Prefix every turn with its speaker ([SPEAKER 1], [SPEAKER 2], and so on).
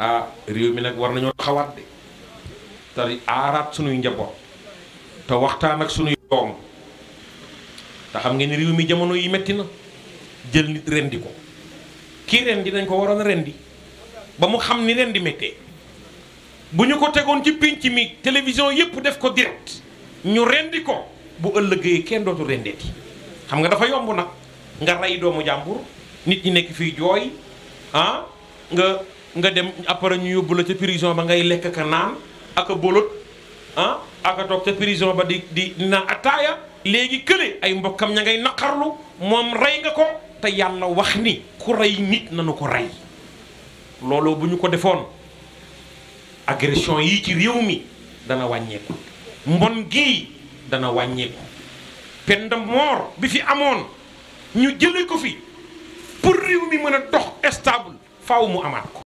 [SPEAKER 1] ah mi nag war nañoo taxawaat de te aaraat sunuy njaboot te waxtaan ak sunuy doom te xam nga ni réew mi jamono yi metti na jël nit rendi ko kii rendi dañ ko waroon rendi ba mu xam ni rendi méttee bu ñu ko tegoon ci pinc mi télévision yépp def ko direct ñu rendi ko bu ëllëg ëllëgee kenn dootu rendeeti xam nga dafa yomb nag nga rey doomu jàmbur nit ñi nekk fii jooy ah nga nga dem après ñu yóbbu la ca prison ba ngay lekk ka naan ak a bolot ah ak a toog ca prison ba di di naan attaaya léegi kële ay mbokkam ña ngay naqarlu moom rey nga ko te yàlla wax ni ku rey nit nanu ko rey loolu bu ñu ko defoon agression yi ci réew mi dana wàññeeku mbon gii dana wàññeeku peine bi fi amoon ñu jële ko fi pour réew mi mën a dox stable faw mu amaat ko